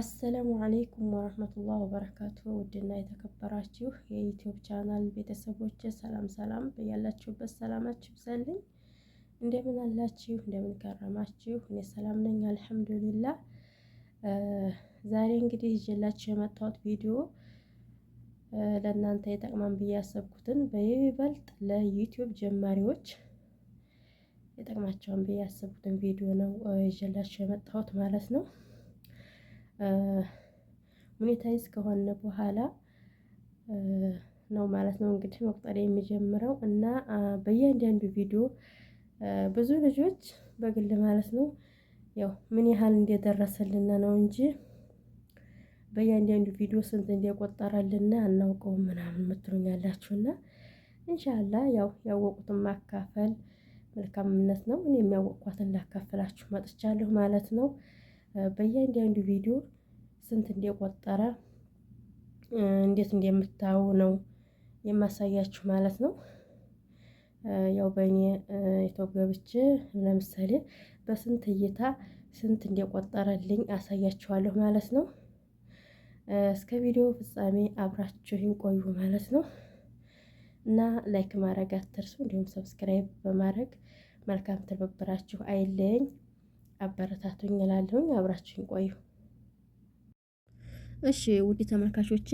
አሰላሙ አሌይኩም ወረህመቱላህ ወበረካቱ። ውድና የተከበራችሁ የዩቲዩብ ቻናል ቤተሰቦች ሰላም ሰላም፣ ያላችሁበት ሰላማችሁ ይብዛልኝ። እንደምን አላችሁ? እንደምን ከረማችሁ? እኔ ሰላም ነኝ አልሐምዱሊላ። ዛሬ እንግዲህ ይዤላችሁ የመጣሁት ቪዲዮ ለእናንተ የጠቅማን ብዬ ያሰብኩትን በይበልጥ ለዩቲዩብ ጀማሪዎች የጠቅማቸውን ብዬ ያሰብኩትን ቪዲዮ ነው ይዤላችሁ የመጣሁት ማለት ነው። ሞኔታይዝ ከሆነ በኋላ ነው ማለት ነው እንግዲህ መቁጠር የሚጀምረው እና በእያንዳንዱ ቪዲዮ ብዙ ልጆች በግል ማለት ነው ያው ምን ያህል እንደደረሰልን ነው እንጂ በእያንዳንዱ ቪዲዮ ስንት እንደቆጠረልን አናውቀውም ምናምን የምትሉኝ ያላችሁና እንሻላ ያው ያወቁትን ማካፈል መልካምነት ነው። እኔ የሚያወቅኳትን ላካፍላችሁ መጥቻለሁ ማለት ነው። በእያንዳንዱ ቪዲዮ ስንት እንደቆጠረ እንዴት እንደምታዩ ነው የማሳያችሁ ማለት ነው። ያው በእኔ ዩቲዩብ ለምሳሌ በስንት እይታ ስንት እንደቆጠረልኝ አሳያችኋለሁ ማለት ነው። እስከ ቪዲዮ ፍጻሜ አብራችሁኝ ቆዩ ማለት ነው እና ላይክ ማድረግ አትርሱ፣ እንዲሁም ሰብስክራይብ በማድረግ መልካም ትብብራችሁ አይለኝ። አበረታቱኝ እላለሁኝ። አብራችሁኝ ቆዩ። እሺ ውድ ተመልካቾች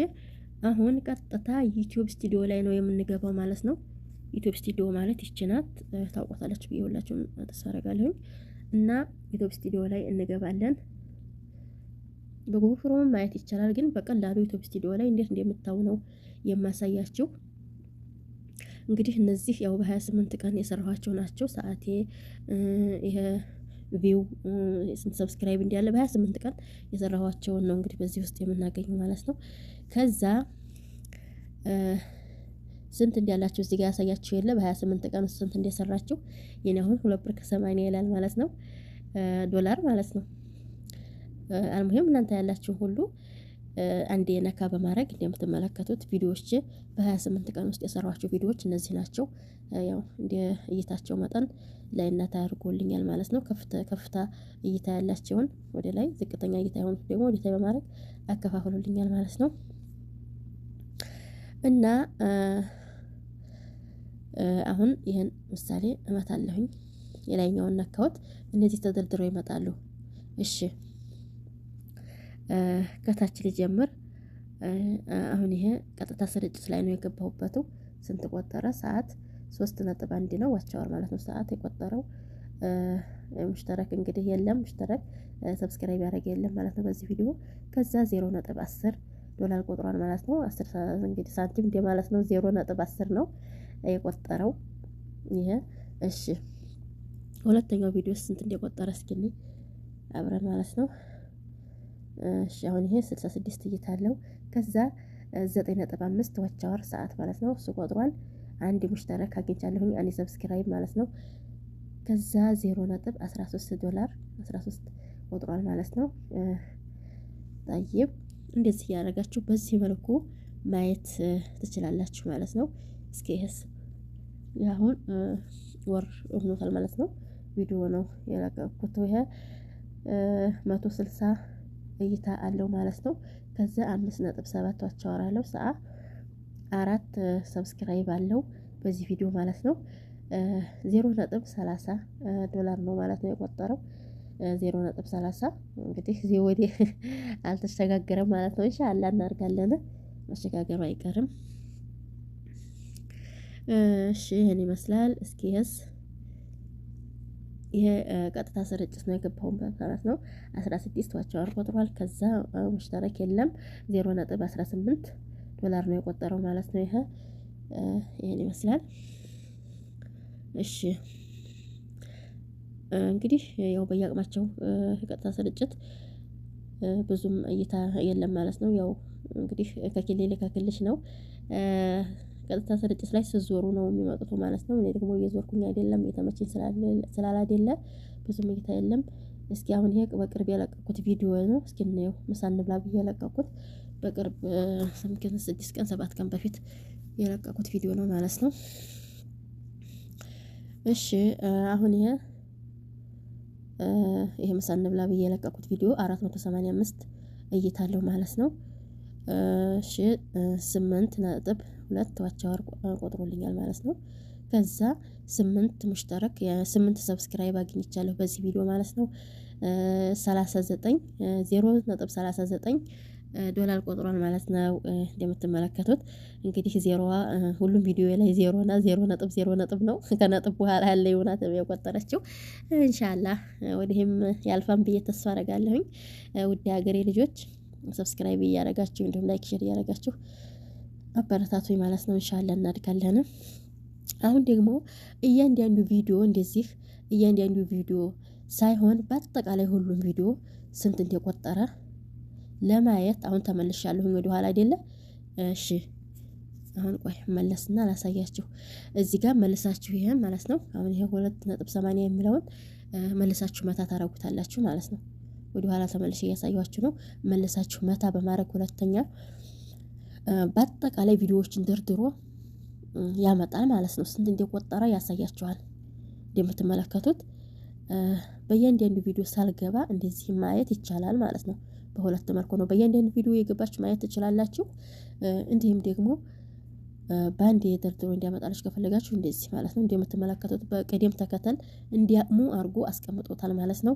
አሁን ቀጥታ ዩቲዩብ ስቱዲዮ ላይ ነው የምንገባው ማለት ነው። ዩቲዩብ ስቱዲዮ ማለት ይቺ ናት፣ ታውቋታላችሁ ብዬ ሁላችሁም እና ዩቲዩብ ስቱዲዮ ላይ እንገባለን። በጎፍሮም ማየት ይቻላል፣ ግን በቀላሉ ዩቲዩብ ስቱዲዮ ላይ እንዴት እንደምታው ነው የማሳያችሁ። እንግዲህ እነዚህ ያው በ28 ቀን የሰራኋቸው ናቸው። ሰዓቴ ይሄ ቪው ስንት ሰብስክራይብ እንዲያለ በሀያ ስምንት ቀን የሰራኋቸውን ነው እንግዲህ በዚህ ውስጥ የምናገኘው ማለት ነው። ከዛ ስንት እንዲያላችሁ እዚህ ጋር ያሳያችሁ የለ በሀያ ስምንት ቀን ውስጥ ስንት እንደሰራችሁ የኔ አሁን ሁለት ብር ከሰማንያ ይላል ማለት ነው ዶላር ማለት ነው። አልሙሄም እናንተ ያላችሁ ሁሉ አንዴ ነካ በማድረግ እንደምትመለከቱት ቪዲዮዎች በ28 ቀን ውስጥ የሰሯቸው ቪዲዮዎች እነዚህ ናቸው። ያው እንደ እይታቸው መጠን ላይነት አድርጎልኛል ማለት ነው። ከፍታ እይታ ያላቸውን ወደ ላይ፣ ዝቅተኛ እይታ የሆኑት ደግሞ ወደታይ በማድረግ አከፋፍሉልኛል ማለት ነው እና አሁን ይህን ምሳሌ እመታለሁኝ። የላይኛውን ነካሁት፣ እነዚህ ተደርድረው ይመጣሉ። እሺ ከታች ልጀምር። አሁን ይሄ ቀጥታ ስርጭት ላይ ነው የገባሁበቱ። ስንት ቆጠረ? ሰዓት ሶስት ነጥብ አንድ ነው ዋቸዋል ማለት ነው ሰዓት የቆጠረው። ሙሽተረክ እንግዲህ የለም ሙሽተረክ ሰብስክራይብ ያደረገ የለም ማለት ነው በዚህ ቪዲዮ። ከዛ ዜሮ ነጥብ አስር ዶላር ቆጥሯል ማለት ነው። አስር እንግዲህ ሳንቲም እንደ ማለት ነው። ዜሮ ነጥብ አስር ነው የቆጠረው ይሄ። እሺ ሁለተኛው ቪዲዮ ስንት እንደቆጠረ እስኪ አብረን ማለት ነው እሺ አሁን ይሄ 66 እይታ አለው። ከዛ 9.5 ዋች ሰዓት ማለት ነው። እሱ ቆጥሯል። አንድ ሙሽተረክ አግኝቻለሁኝ አንድ ሰብስክራይብ ማለት ነው። ከዛ 0.13 ዶላር 13 ቆጥሯል ማለት ነው። ጠይብ እንደዚህ ያደረጋችሁ በዚህ መልኩ ማየት ትችላላችሁ ማለት ነው። እስኪ ይሄስ አሁን ወር ሆኖታል ማለት ነው። ቪዲዮ ነው የለቀኩት ይሄ 160 እይታ አለው ማለት ነው። ከዛ አምስት ነጥብ ሰባት ዋቸዋራለሁ ሰአ አራት ሰብስክራይብ አለው በዚህ ቪዲዮ ማለት ነው። ዜሮ ነጥብ ሰላሳ ዶላር ነው ማለት ነው የቆጠረው። ዜሮ ነጥብ ሰላሳ እንግዲህ እዚህ ወዴ አልተሸጋገረም ማለት ነው። ኢንሻአላ እናርጋለን፣ መሸጋገር አይቀርም። እሺ ይህን ይመስላል። እስኪ የስ ይሄ ቀጥታ ስርጭት ነው የገባውን ማለት ነው። 16 ዋቸዋን ቆጥሯል። ከዛ ሙሽተረክ የለም 0.18 ዶላር ነው የቆጠረው ማለት ነው። ይሄ ይሄን ይመስላል። እሺ እንግዲህ ያው በየአቅማቸው ቀጥታ ስርጭት ብዙም እይታ የለም ማለት ነው። ያው እንግዲህ ከክልል ከክልሽ ነው ቀጥታ ስርጭት ላይ ስዞሩ ነው የሚመጡት ማለት ነው። እኔ ደግሞ እየዞርኩኝ አይደለም፣ የተመቸኝ ስላላደለ ብዙም እይታ የለም። እስኪ አሁን ይሄ በቅርብ የለቀኩት ቪዲዮ ነው። እስኪ እናየው። ምሳ እንብላ ብዬ የለቀኩት በቅርብ ስምክን ስድስት ቀን ሰባት ቀን በፊት የለቀኩት ቪዲዮ ነው ማለት ነው። እሺ አሁን ይሄ ይሄ ምሳ እንብላ ብዬ የለቀኩት ቪዲዮ አራት መቶ ሰማንያ አምስት እይታለሁ ማለት ነው። ስምንት ነጥብ ሁለት ዋቻወር ቆጥሮልኛል ማለት ነው። ከዛ ስምንት ሙሽተረክ የስምንት ሰብስክራይብ አግኝቻለሁ በዚህ ቪዲዮ ማለት ነው። ሰላሳ ዘጠኝ ዜሮ ነጥብ ሰላሳ ዘጠኝ ዶላር ቆጥሯል ማለት ነው። እንደምትመለከቱት እንግዲህ ዜሮዋ ሁሉም ቪዲዮ ላይ ዜሮ እና ዜሮ ነጥብ ዜሮ ነጥብ ነው። ከነጥብ በኋላ ያለ የሆናት የቆጠረችው እንሻላ ወዲህም ያልፋን ብዬ ተስፋ አረጋለሁኝ። ውድ ሀገሬ ልጆች ሰብስክራይብ እያረጋችሁ እንዲሁም ላይክ ሼር እያረጋችሁ አበረታቱ ማለት ነው። እንሻላ እናድጋለን። አሁን ደግሞ እያንዳንዱ ቪዲዮ እንደዚህ እያንዳንዱ ቪዲዮ ሳይሆን በአጠቃላይ ሁሉም ቪዲዮ ስንት እንደቆጠረ ለማየት አሁን ተመልሻለሁኝ ወደ ኋላ አይደለ? እሺ አሁን ቆይ መለስና ላሳያችሁ። እዚህ ጋር መልሳችሁ ይሄን ማለት ነው። አሁን ይሄ ሁለት ነጥብ ሰማንያ የሚለውን መልሳችሁ መታ ታረጉታላችሁ ማለት ነው። ወደ ኋላ ተመልሼ እያሳያችሁ ነው። መለሳችሁ መታ በማድረግ ሁለተኛ በአጠቃላይ ቪዲዮዎችን ደርድሮ ያመጣል ማለት ነው። ስንት እንደቆጠረ ያሳያችኋል። እንደምትመለከቱት በእያንዳንዱ ቪዲዮ ሳልገባ እንደዚህ ማየት ይቻላል ማለት ነው። በሁለት መልኩ ነው። በእያንዳንዱ ቪዲዮ የገባችሁ ማየት ትችላላችሁ። እንዲሁም ደግሞ በአንድ የተርትሮ እንዲያመጣለች ከፈለጋችሁ እንደዚህ ማለት ነው። እንደምትመለከቱት በቅደም ተከተል እንዲያቅሙ አድርጎ አስቀምጦታል ማለት ነው።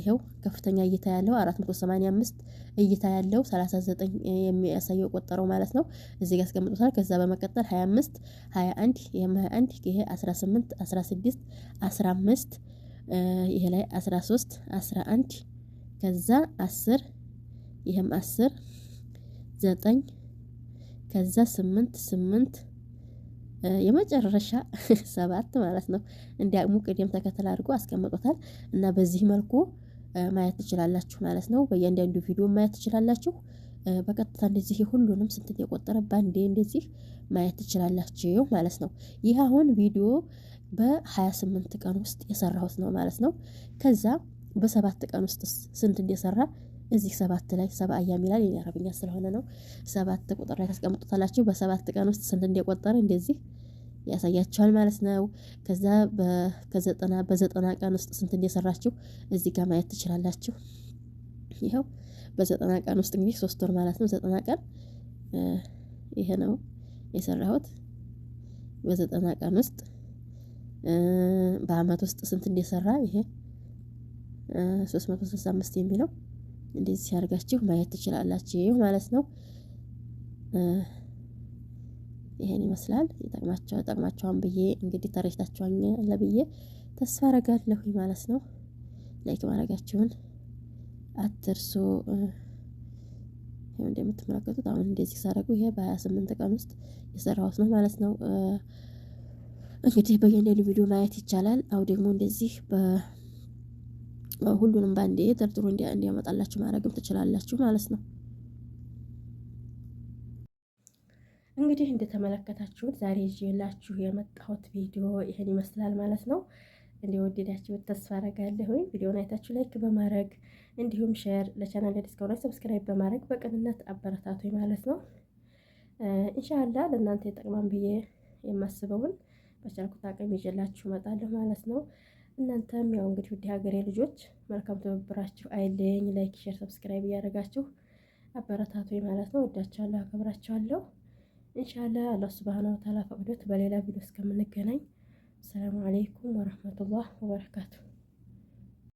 ይኸው ከፍተኛ እይታ ያለው 485 እይታ ያለው 39 የሚያሳየው ቆጠረው ማለት ነው። እዚህ ጋር አስቀምጦታል። ከዛ በመቀጠል 25 21 ይሄም 21 ይሄ 18 16 15 ይሄ ላይ 13 11 ከዛ 10 ይሄም 10 9 ከዛ ስምንት ስምንት የመጨረሻ ሰባት ማለት ነው። እንዲያቅሙ ቅደም ተከተል አድርጎ አስቀምጦታል እና በዚህ መልኩ ማየት ትችላላችሁ ማለት ነው። በእያንዳንዱ ቪዲዮ ማየት ትችላላችሁ። በቀጥታ እንደዚህ ሁሉንም ስንት የቆጠረ ባንዴ እንደዚህ ማየት ትችላላችሁ ማለት ነው። ይህ አሁን ቪዲዮ በ28 ቀን ውስጥ የሰራሁት ነው ማለት ነው። ከዛ በሰባት ቀን ውስጥ ስንት እንደሰራ እዚህ ሰባት ላይ ሰባ አያም ይላል የኔ አረብኛ ስለሆነ ነው። ሰባት ቁጥር ላይ ታስቀምጡታላችሁ። በሰባት ቀን ውስጥ ስንት እንደቆጠረ እንደዚህ ያሳያችኋል ማለት ነው። ከዛ በዘጠና በዘጠና ቀን ውስጥ ስንት እንደሰራችሁ እዚህ ጋር ማየት ትችላላችሁ። ይኸው በዘጠና ቀን ውስጥ እንግዲህ ሶስት ወር ማለት ነው። ዘጠና ቀን ይሄ ነው የሰራሁት በዘጠና ቀን ውስጥ በአመት ውስጥ ስንት እንደሰራ ይሄ አምስት የሚለው እንደዚህ ሲያርጋችሁ ማየት ትችላላችሁ ማለት ነው። ይሄን ይመስላል። ይጠቅማቸው ጠቅማቸዋን ብዬ እንግዲህ ተረጅታቸዋኝ ለብዬ ተስፋ አረጋለሁ ማለት ነው። ላይክ ማድረጋችሁን አትርሱ። እንደምትመለከቱት አሁን እንደዚህ ሳረጉ ይሄ በ28 ቀን ውስጥ የሰራሁት ነው ማለት ነው። እንግዲህ በየአንዳንዱ ቪዲዮ ማየት ይቻላል። አሁ ደግሞ እንደዚህ በ ሁሉንም ባንዴ ደርድሮ እንዲያመጣላችሁ ማድረግም ትችላላችሁ ማለት ነው። እንግዲህ እንደተመለከታችሁት ዛሬ ይዤላችሁ የመጣሁት ቪዲዮ ይህን ይመስላል ማለት ነው። እንደወደዳችሁት ተስፋ አረጋለሁ። ቪዲዮውን አይታችሁ ላይክ በማድረግ እንዲሁም ሼር፣ ለቻናል ዲስካውንት ሰብስክራይብ በማድረግ በቅንነት አበረታቱኝ ማለት ነው። ኢንሻአላ ለእናንተ የጠቅማን ብዬ የማስበውን በቻልኩት አቅም ይዤላችሁ እመጣለሁ ማለት ነው። እናንተም ያው እንግዲህ ውድ ሀገሬ ልጆች መልካም ትብብራችሁ አይልኝ። ላይክ፣ ሼር፣ ሰብስክራይብ እያደረጋችሁ አበረታቱ ማለት ነው። ወዳችኋለሁ፣ አከብራችኋለሁ። እንሻላ አላህ ስብሃነ ወተዓላ ፈቅዶት በሌላ ቪዲዮ እስከምንገናኝ ሰላም አሌይኩም ወረህመቱላህ ወበረካቱ።